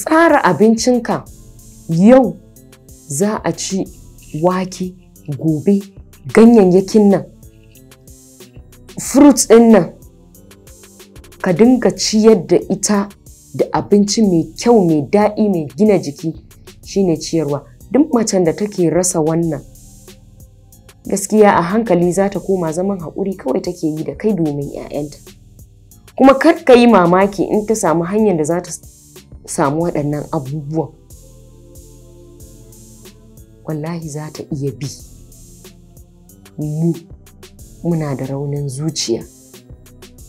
tsara abincinka yau za a ci wake gobe ganyayyakin nan fruits ɗin nan ka dinga ciyar da ita da abinci mai kyau mai daɗi mai gina jiki shine ciyarwa duk macen da take rasa wannan gaskiya a hankali za ta koma zaman haƙuri kawai take yi da kai domin 'ya'yanta kuma kar ka yi mamaki in ta samu hanyar da za ta samu waɗannan abubuwan wallahi za ta iya bi mu muna da raunin zuciya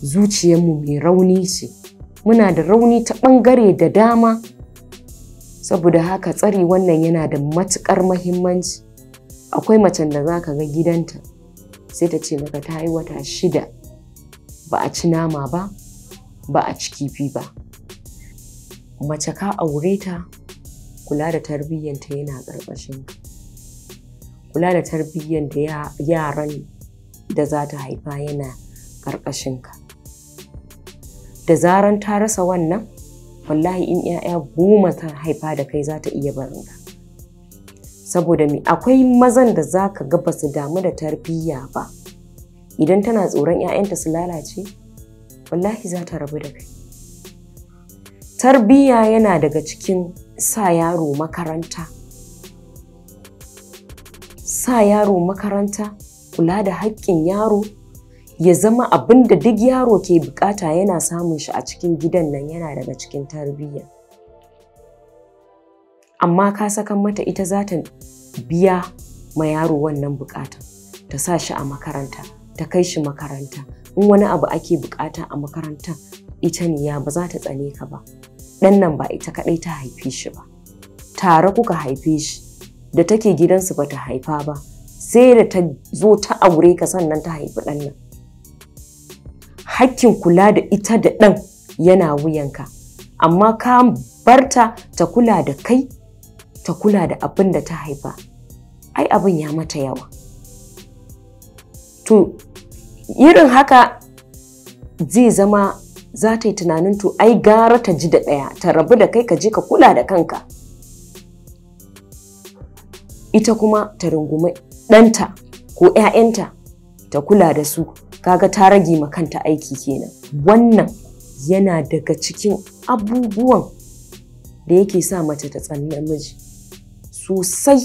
zuciyarmu mai rauni ce muna da rauni ta ɓangare da dama saboda haka tsari wannan yana da matuƙar mahimmanci akwai macen da za ka ga gidanta sai ta ce maka ta yi wata shida ba a ci nama ba ba a ci kifi ba mace ka aure ta kula da tarbiyyanta yana ƙarƙashin kula da da yaran da za ta haifa yana ka da zaran ta rasa wannan wallahi in 'ya'ya goma ta haifa da kai za ta iya barinka saboda me akwai mazan da za ka ga su damu da tarbiyya ba idan tana tsoron 'ya'yanta su lalace wallahi za ta rabu da kai Tarbiyya yana daga cikin sa yaro makaranta. Sa yaro makaranta, kula da haƙƙin yaro, ya zama abin da duk yaro ke bukata yana samun shi a cikin gidan nan yana daga cikin tarbiyya. Amma ka sakan mata ita za ta biya ma yaro wannan bukata ta sa shi a makaranta, ta kai shi makaranta, in wani abu ake bukata a makaranta ita ne ya ba za ta tsane ka ba. ɗan nan ba ita kaɗai ta haife shi ba tare kuka haife shi da take gidansu ba ta haifa ba sai da ta zo ta aure ka sannan ta haifi ɗan nan hakkin kula da ita da ɗan yana wuyanka amma ka barta ta kula da kai ta kula da abin da ta haifa ai abin ya mata yawa to irin haka zai zama za ta yi tunanin to ai gara ta ji da ɗaya ta rabu da kai ka je ka kula da kanka ita kuma ta rungumi ɗanta ko 'ya'yanta ta kula da su kaga ta rage ma kanta aiki kenan wannan yana daga cikin abubuwan da yake sa mace ta tsan miji sosai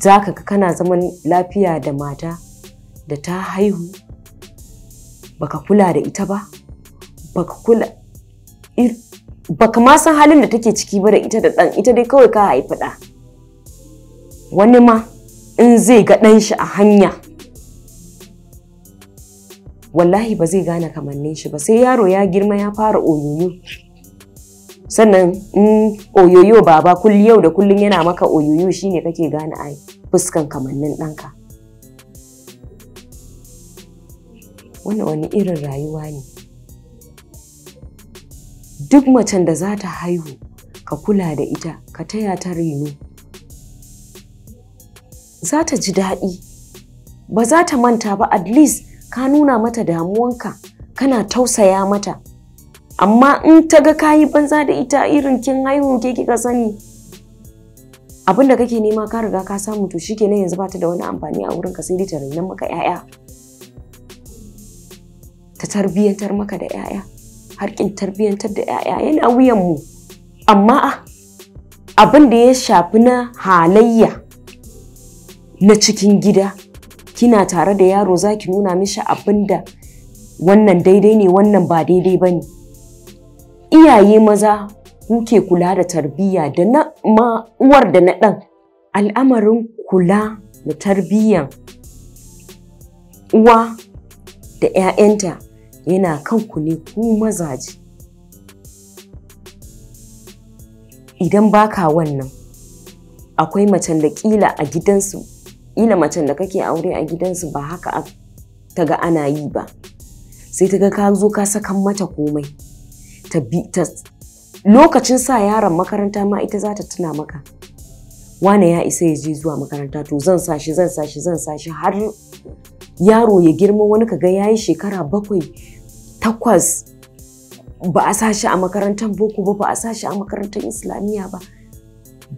za ka kana zaman lafiya da mata da ta haihu baka kula da ita ba baka kula baka ma san halin da take ciki ba da ita da ɗan ita dai kawai ka haifi ɗa wani ma in zai ga ɗan shi a hanya wallahi ba zai gane kamannin shi ba sai yaro ya girma ya fara oyoyo sannan in oyoyo baba kulli yau da kullun yana maka oyoyo shine kake gane a fuskan kamannin ɗanka wannan wani irin rayuwa ne duk macen da za ta haihu ka kula da ita ka taya ta reno za ta ji daɗi ba za ta manta ba at least ka nuna mata damuwanka kana tausaya mata amma in ta ga kayi banza da ita irin kin haihu ke kika sani abin da kake nema ka riga ka samu to shi kenan yanzu bata da wani amfani a wurinka sai dai ta rainan maka 'ya'ya ta tarbiyyantar maka da 'ya'ya harkin tarbiyyantar da 'ya'ya yana wuyanmu amma abin da ya shafi na halayya na cikin gida kina tare da yaro za ki nuna mishi abin da wannan daidai ne wannan ba daidai ba ne iyaye maza kuke kula da tarbiyya da na ma uwar da na ɗan al'amarin kula da tarbiyyan uwa da 'ya'yanta yana kanku ne ku mazaje idan baka wannan akwai macen da kila a gidansu ila macen da kake aure a gidansu ba haka ta ga ana yi ba sai ta ga ka zo ka sakan mata komai lokacin sa yaron makaranta ma ita za ta tuna maka wane ya isa ya je zuwa makaranta to zan sa shi zan sa shi zan sa shi har yaro ya girma wani ka kaga yayi shekara bakwai takwas ba a sashi a makarantar boko ba ba a sashi a makarantar islamiyya ba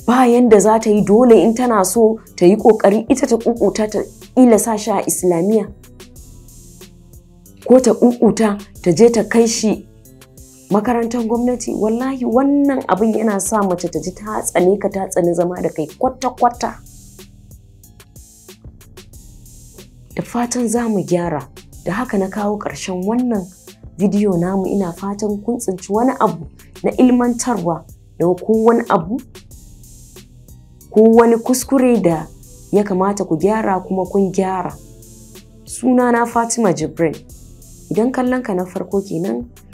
bayan da za ta yi dole in tana so ta yi kokari ita ta kukuta ta ila sashi a islamiyya ko ta kukuta ta je ta kai shi makarantar gwamnati wallahi wannan abin yana sa mace ta ji ta tsane ka ta tsane zama da kai kwata-kwata da fatan za mu gyara da haka na kawo ƙarshen wannan bidiyo namu ina fatan kun tsinci wani abu na ilmantarwa daga ko wani abu ko wani kuskure da ya kamata ku gyara kuma kun gyara sunana fatima jibril idan kallon ka na farko kenan